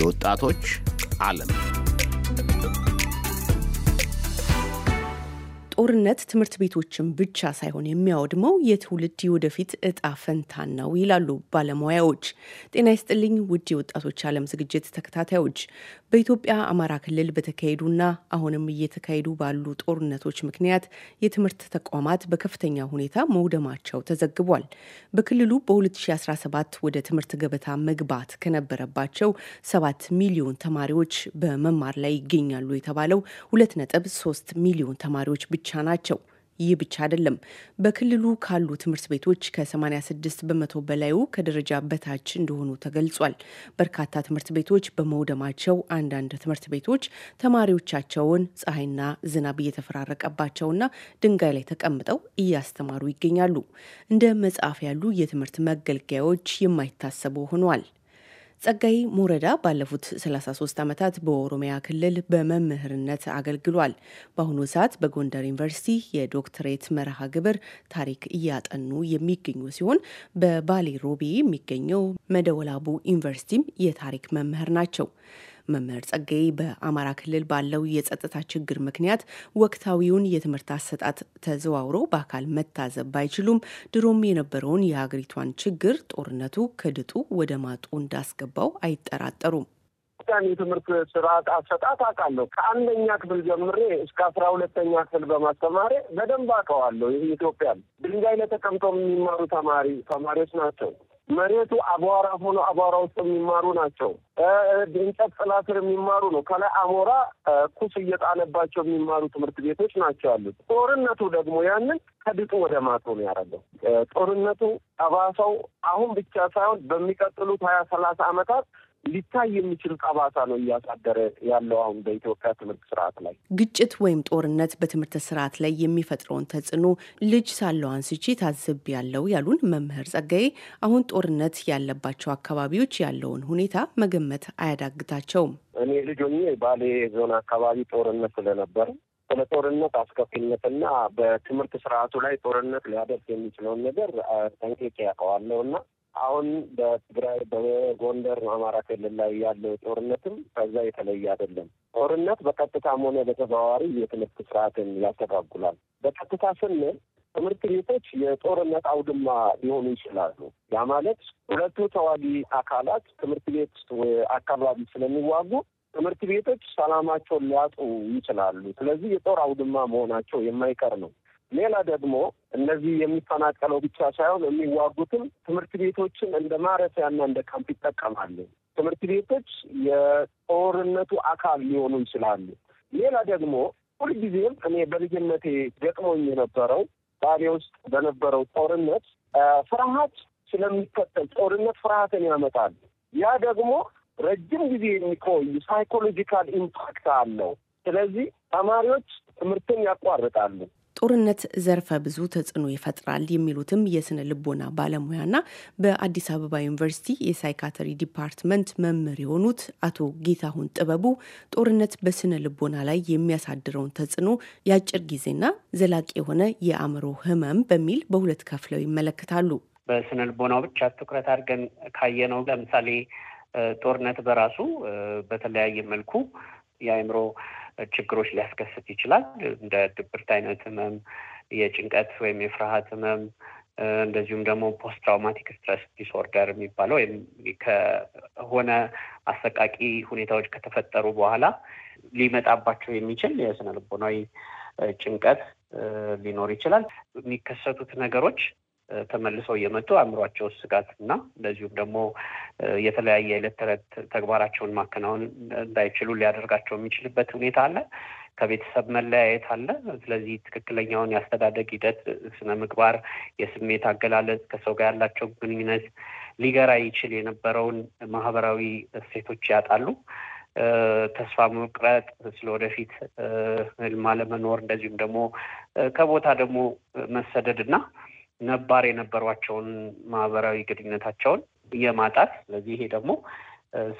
የወጣቶች ዓለም ጦርነት ትምህርት ቤቶችን ብቻ ሳይሆን የሚያወድመው የትውልድ የወደፊት እጣ ፈንታን ነው ይላሉ ባለሙያዎች። ጤና ይስጥልኝ ውድ የወጣቶች ዓለም ዝግጅት ተከታታዮች፣ በኢትዮጵያ አማራ ክልል በተካሄዱና አሁንም እየተካሄዱ ባሉ ጦርነቶች ምክንያት የትምህርት ተቋማት በከፍተኛ ሁኔታ መውደማቸው ተዘግቧል። በክልሉ በ2017 ወደ ትምህርት ገበታ መግባት ከነበረባቸው 7 ሚሊዮን ተማሪዎች በመማር ላይ ይገኛሉ የተባለው 2.3 ሚሊዮን ተማሪዎች ብቻ ብቻ ናቸው። ይህ ብቻ አይደለም። በክልሉ ካሉ ትምህርት ቤቶች ከ86 በመቶ በላዩ ከደረጃ በታች እንደሆኑ ተገልጿል። በርካታ ትምህርት ቤቶች በመውደማቸው አንዳንድ ትምህርት ቤቶች ተማሪዎቻቸውን ፀሐይና ዝናብ እየተፈራረቀባቸውና ድንጋይ ላይ ተቀምጠው እያስተማሩ ይገኛሉ። እንደ መጽሐፍ ያሉ የትምህርት መገልገያዎች የማይታሰቡ ሆኗል። ጸጋይ ሞረዳ ባለፉት 33 ዓመታት በኦሮሚያ ክልል በመምህርነት አገልግሏል። በአሁኑ ሰዓት በጎንደር ዩኒቨርሲቲ የዶክትሬት መርሃ ግብር ታሪክ እያጠኑ የሚገኙ ሲሆን በባሌ ሮቤ የሚገኘው መደወላቡ ዩኒቨርሲቲም የታሪክ መምህር ናቸው። መምህር ጸጋዬ በአማራ ክልል ባለው የጸጥታ ችግር ምክንያት ወቅታዊውን የትምህርት አሰጣት ተዘዋውሮ በአካል መታዘብ ባይችሉም ድሮም የነበረውን የሀገሪቷን ችግር ጦርነቱ ከድጡ ወደ ማጡ እንዳስገባው አይጠራጠሩም። ኢትዮጵያን የትምህርት ስርዓት አሰጣት አውቃለሁ። ከአንደኛ ክፍል ጀምሬ እስከ አስራ ሁለተኛ ክፍል በማስተማሪ በደንብ አውቀዋለሁ። ይህ ኢትዮጵያ ድንጋይ ላይ ተቀምጠው የሚማሩ ተማሪ ተማሪዎች ናቸው። መሬቱ አቧራ ሆኖ አቧራ ውስጥ የሚማሩ ናቸው። እንጨት ጥላ ስር የሚማሩ ነው። ከላይ አሞራ ኩስ እየጣለባቸው የሚማሩ ትምህርት ቤቶች ናቸው ያሉት። ጦርነቱ ደግሞ ያንን ከድጡ ወደ ማጡ ነው ያደረገው። ጦርነቱ ጠባሳው አሁን ብቻ ሳይሆን በሚቀጥሉት ሀያ ሰላሳ ዓመታት ሊታይ የሚችል ጠባሳ ነው እያሳደረ ያለው አሁን በኢትዮጵያ ትምህርት ስርዓት ላይ። ግጭት ወይም ጦርነት በትምህርት ስርዓት ላይ የሚፈጥረውን ተጽዕኖ ልጅ ሳለው አንስቼ ታዝብ ያለው ያሉን መምህር ጸጋዬ፣ አሁን ጦርነት ያለባቸው አካባቢዎች ያለውን ሁኔታ መገመት አያዳግታቸውም። እኔ ልጆ ባሌ ዞን አካባቢ ጦርነት ስለነበር ስለ ጦርነት አስከፊነትና በትምህርት ስርዓቱ ላይ ጦርነት ሊያደርስ የሚችለውን ነገር ጠንቅቄ ያውቀዋለሁ እና አሁን በትግራይ በጎንደር አማራ ክልል ላይ ያለው ጦርነትም ከዛ የተለየ አይደለም። ጦርነት በቀጥታም ሆነ በተዘዋዋሪ የትምህርት ስርዓትን ያስተጋጉላል። በቀጥታ ስንል ትምህርት ቤቶች የጦርነት አውድማ ሊሆኑ ይችላሉ። ያ ማለት ሁለቱ ተዋጊ አካላት ትምህርት ቤት አካባቢ ስለሚዋጉ ትምህርት ቤቶች ሰላማቸውን ሊያጡ ይችላሉ። ስለዚህ የጦር አውድማ መሆናቸው የማይቀር ነው። ሌላ ደግሞ እነዚህ የሚፈናቀለው ብቻ ሳይሆን የሚዋጉትም ትምህርት ቤቶችን እንደ ማረፊያና እንደ ካምፕ ይጠቀማሉ። ትምህርት ቤቶች የጦርነቱ አካል ሊሆኑ ይችላሉ። ሌላ ደግሞ ሁልጊዜም እኔ በልጅነቴ ገጥሞኝ የነበረው ባሌ ውስጥ በነበረው ጦርነት ፍርሃት ስለሚከተል ጦርነት ፍርሃትን ያመጣል። ያ ደግሞ ረጅም ጊዜ የሚቆይ ሳይኮሎጂካል ኢምፓክት አለው። ስለዚህ ተማሪዎች ትምህርትን ያቋርጣሉ። ጦርነት ዘርፈ ብዙ ተጽዕኖ ይፈጥራል የሚሉትም የስነ ልቦና ባለሙያና በአዲስ አበባ ዩኒቨርሲቲ የሳይካተሪ ዲፓርትመንት መምህር የሆኑት አቶ ጌታሁን ጥበቡ ጦርነት በስነ ልቦና ላይ የሚያሳድረውን ተጽዕኖ የአጭር ጊዜና ዘላቂ የሆነ የአእምሮ ህመም በሚል በሁለት ከፍለው ይመለከታሉ። በስነ ልቦናው ብቻ ትኩረት አድርገን ካየነው ለምሳሌ ጦርነት በራሱ በተለያየ መልኩ የአእምሮ ችግሮች ሊያስከስት ይችላል። እንደ ድብርት አይነት ህመም፣ የጭንቀት ወይም የፍርሃት ህመም እንደዚሁም ደግሞ ፖስት ትራውማቲክ ስትረስ ዲስኦርደር የሚባለው ወይም ከሆነ አሰቃቂ ሁኔታዎች ከተፈጠሩ በኋላ ሊመጣባቸው የሚችል የስነ ልቦናዊ ጭንቀት ሊኖር ይችላል። የሚከሰቱት ነገሮች ተመልሰው እየመጡ አእምሯቸው ስጋት እና እንደዚሁም ደግሞ የተለያየ የዕለት ተዕለት ተግባራቸውን ማከናወን እንዳይችሉ ሊያደርጋቸው የሚችልበት ሁኔታ አለ። ከቤተሰብ መለያየት አለ። ስለዚህ ትክክለኛውን የአስተዳደግ ሂደት፣ ስነ ምግባር፣ የስሜት አገላለጽ፣ ከሰው ጋር ያላቸው ግንኙነት ሊገራ ይችል የነበረውን ማህበራዊ እሴቶች ያጣሉ። ተስፋ መቁረጥ፣ ስለወደፊት ህልም አለመኖር፣ እንደዚሁም ደግሞ ከቦታ ደግሞ መሰደድ እና ነባር የነበሯቸውን ማህበራዊ ግንኙነታቸውን የማጣት ስለዚህ ይሄ ደግሞ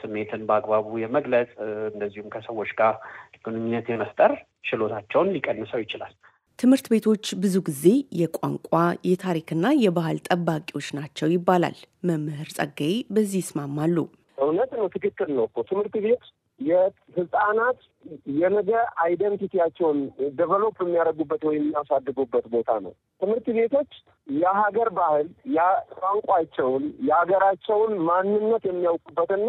ስሜትን በአግባቡ የመግለጽ እንደዚሁም ከሰዎች ጋር ግንኙነት የመፍጠር ችሎታቸውን ሊቀንሰው ይችላል። ትምህርት ቤቶች ብዙ ጊዜ የቋንቋ የታሪክና የባህል ጠባቂዎች ናቸው ይባላል። መምህር ጸጋዬ በዚህ ይስማማሉ። እውነት ነው፣ ትክክል ነው። ትምህርት ቤት የህፃናት የነገ አይደንቲቲያቸውን ደቨሎፕ የሚያደርጉበት ወይም የሚያሳድጉበት ቦታ ነው። ትምህርት ቤቶች የሀገር ባህል፣ ቋንቋቸውን፣ የሀገራቸውን ማንነት የሚያውቁበትና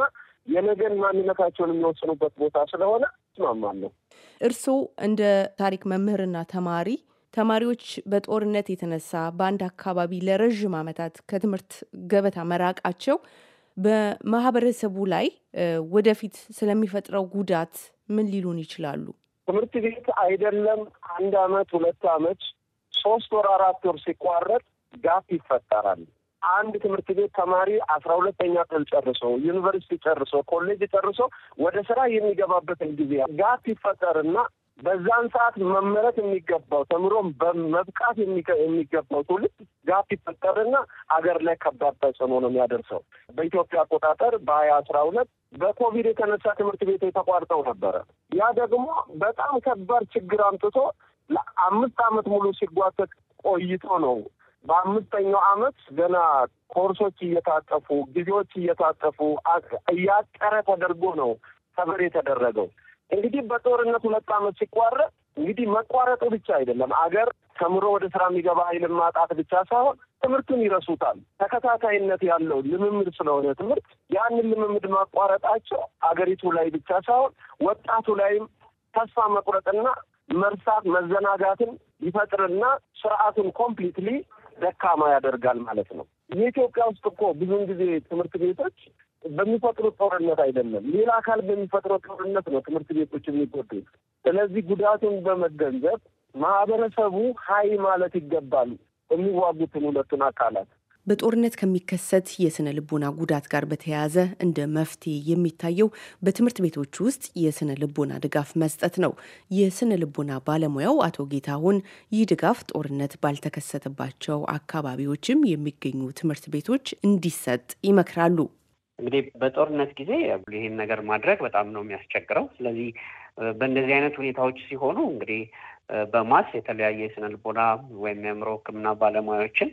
የነገን ማንነታቸውን የሚወስኑበት ቦታ ስለሆነ እስማማለሁ። እርስዎ እንደ ታሪክ መምህርና ተማሪ ተማሪዎች በጦርነት የተነሳ በአንድ አካባቢ ለረዥም ዓመታት ከትምህርት ገበታ መራቃቸው በማህበረሰቡ ላይ ወደፊት ስለሚፈጥረው ጉዳት ምን ሊሉን ይችላሉ? ትምህርት ቤት አይደለም አንድ አመት ሁለት አመት ሶስት ወር አራት ወር ሲቋረጥ ጋፕ ይፈጠራል። አንድ ትምህርት ቤት ተማሪ አስራ ሁለተኛ ክፍል ጨርሶ ዩኒቨርሲቲ ጨርሶ ኮሌጅ ጨርሶ ወደ ስራ የሚገባበትን ጊዜ ጋፕ ይፈጠርና በዛን ሰዓት መመረት የሚገባው ተምሮም በመብቃት የሚገባው ትውልድ ጋፕ ይፈጠርና ሀገር ላይ ከባድ ተጽዕኖ ነው የሚያደርሰው። በኢትዮጵያ አቆጣጠር በሀያ አስራ ሁለት በኮቪድ የተነሳ ትምህርት ቤቶች ተቋርጠው ነበረ። ያ ደግሞ በጣም ከባድ ችግር አምጥቶ ለአምስት አመት ሙሉ ሲጓተት ቆይቶ ነው በአምስተኛው አመት ገና ኮርሶች እየታጠፉ ጊዜዎች እየታጠፉ እያጠረ ተደርጎ ነው ሰበር የተደረገው። እንግዲህ በጦርነት ሁለት ዓመት ሲቋረጥ እንግዲህ መቋረጡ ብቻ አይደለም አገር ተምሮ ወደ ስራ የሚገባ ኃይልን ማጣት ብቻ ሳይሆን ትምህርቱን ይረሱታል። ተከታታይነት ያለው ልምምድ ስለሆነ ትምህርት ያንን ልምምድ ማቋረጣቸው አገሪቱ ላይ ብቻ ሳይሆን ወጣቱ ላይም ተስፋ መቁረጥና መርሳት መዘናጋትን ይፈጥርና ስርዓቱን ኮምፕሊትሊ ደካማ ያደርጋል ማለት ነው። የኢትዮጵያ ውስጥ እኮ ብዙን ጊዜ ትምህርት ቤቶች በሚፈጥሩት ጦርነት አይደለም፣ ሌላ አካል በሚፈጥረው ጦርነት ነው ትምህርት ቤቶች የሚጎዱ ስለዚህ ጉዳቱን በመገንዘብ ማህበረሰቡ ሀይ ማለት ይገባል የሚዋጉትን ሁለቱን አካላት። በጦርነት ከሚከሰት የስነ ልቦና ጉዳት ጋር በተያያዘ እንደ መፍትሄ የሚታየው በትምህርት ቤቶች ውስጥ የስነ ልቦና ድጋፍ መስጠት ነው። የስነ ልቦና ባለሙያው አቶ ጌታሁን ይህ ድጋፍ ጦርነት ባልተከሰተባቸው አካባቢዎችም የሚገኙ ትምህርት ቤቶች እንዲሰጥ ይመክራሉ። እንግዲህ በጦርነት ጊዜ ይህን ነገር ማድረግ በጣም ነው የሚያስቸግረው። ስለዚህ በእነዚህ አይነት ሁኔታዎች ሲሆኑ እንግዲህ በማስ የተለያየ የስነልቦና ወይም የአእምሮ ሕክምና ባለሙያዎችን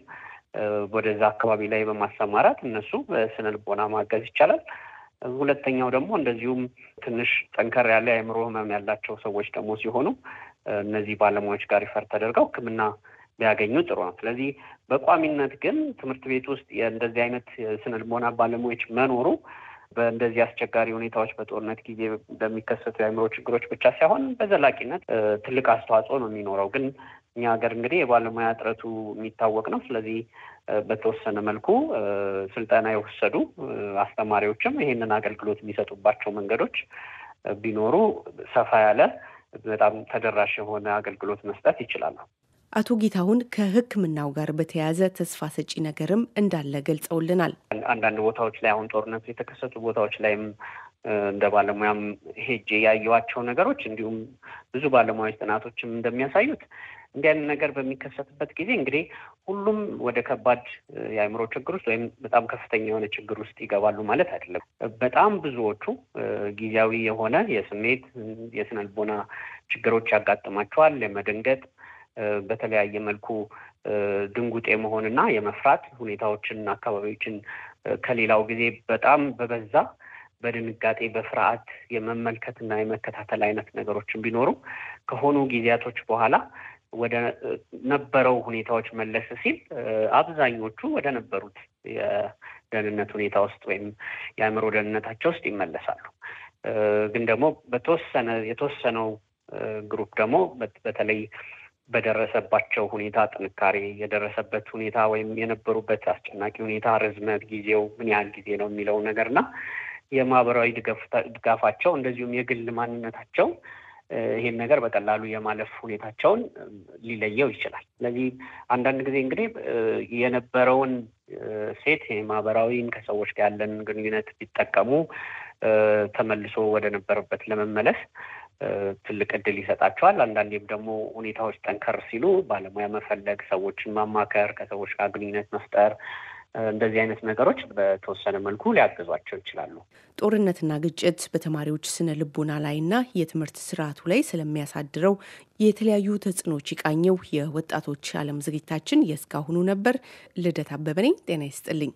ወደዛ አካባቢ ላይ በማሰማራት እነሱ በስነልቦና ማገዝ ይቻላል። ሁለተኛው ደግሞ እንደዚሁም ትንሽ ጠንከር ያለ አእምሮ ህመም ያላቸው ሰዎች ደግሞ ሲሆኑ እነዚህ ባለሙያዎች ጋር ሪፈር ተደርገው ህክምና ቢያገኙ ጥሩ ነው። ስለዚህ በቋሚነት ግን ትምህርት ቤት ውስጥ እንደዚህ አይነት ስነልቦና ባለሙያዎች መኖሩ በእንደዚህ አስቸጋሪ ሁኔታዎች በጦርነት ጊዜ በሚከሰቱ የአእምሮ ችግሮች ብቻ ሳይሆን በዘላቂነት ትልቅ አስተዋጽኦ ነው የሚኖረው። ግን እኛ ሀገር እንግዲህ የባለሙያ እጥረቱ የሚታወቅ ነው። ስለዚህ በተወሰነ መልኩ ስልጠና የወሰዱ አስተማሪዎችም ይህንን አገልግሎት የሚሰጡባቸው መንገዶች ቢኖሩ ሰፋ ያለ በጣም ተደራሽ የሆነ አገልግሎት መስጠት ይችላሉ። አቶ ጌታሁን ከሕክምናው ጋር በተያያዘ ተስፋ ሰጪ ነገርም እንዳለ ገልጸውልናል። አንዳንድ ቦታዎች ላይ አሁን ጦርነቱ የተከሰቱ ቦታዎች ላይም እንደ ባለሙያም ሄጄ ያየዋቸው ነገሮች እንዲሁም ብዙ ባለሙያዎች ጥናቶችም እንደሚያሳዩት እንዲህ አይነት ነገር በሚከሰትበት ጊዜ እንግዲህ ሁሉም ወደ ከባድ የአእምሮ ችግር ውስጥ ወይም በጣም ከፍተኛ የሆነ ችግር ውስጥ ይገባሉ ማለት አይደለም። በጣም ብዙዎቹ ጊዜያዊ የሆነ የስሜት የስነልቦና ችግሮች ያጋጥማቸዋል። የመደንገጥ በተለያየ መልኩ ድንጉጥ የመሆንና የመፍራት ሁኔታዎችንና አካባቢዎችን ከሌላው ጊዜ በጣም በበዛ በድንጋጤ በፍርሃት የመመልከትና የመከታተል አይነት ነገሮችን ቢኖሩ ከሆኑ ጊዜያቶች በኋላ ወደ ነበረው ሁኔታዎች መለስ ሲል አብዛኞቹ ወደ ነበሩት የደህንነት ሁኔታ ውስጥ ወይም የአእምሮ ደህንነታቸው ውስጥ ይመለሳሉ። ግን ደግሞ በተወሰነ የተወሰነው ግሩፕ ደግሞ በተለይ በደረሰባቸው ሁኔታ ጥንካሬ፣ የደረሰበት ሁኔታ ወይም የነበሩበት አስጨናቂ ሁኔታ ርዝመት፣ ጊዜው ምን ያህል ጊዜ ነው የሚለው ነገር እና የማህበራዊ ድጋፋቸው እንደዚሁም የግል ማንነታቸው ይሄን ነገር በቀላሉ የማለፍ ሁኔታቸውን ሊለየው ይችላል። ስለዚህ አንዳንድ ጊዜ እንግዲህ የነበረውን ሴት ማህበራዊን ከሰዎች ጋር ያለን ግንኙነት ቢጠቀሙ ተመልሶ ወደ ነበረበት ለመመለስ ትልቅ እድል ይሰጣቸዋል። አንዳንዴም ደግሞ ሁኔታዎች ጠንከር ሲሉ ባለሙያ መፈለግ፣ ሰዎችን ማማከር፣ ከሰዎች ጋር ግንኙነት መፍጠር እንደዚህ አይነት ነገሮች በተወሰነ መልኩ ሊያግዟቸው ይችላሉ። ጦርነትና ግጭት በተማሪዎች ስነ ልቦና ላይና የትምህርት ስርዓቱ ላይ ስለሚያሳድረው የተለያዩ ተጽዕኖዎች ይቃኘው የወጣቶች ዓለም ዝግጅታችን የእስካሁኑ ነበር። ልደት አበበ ነኝ። ጤና ይስጥልኝ።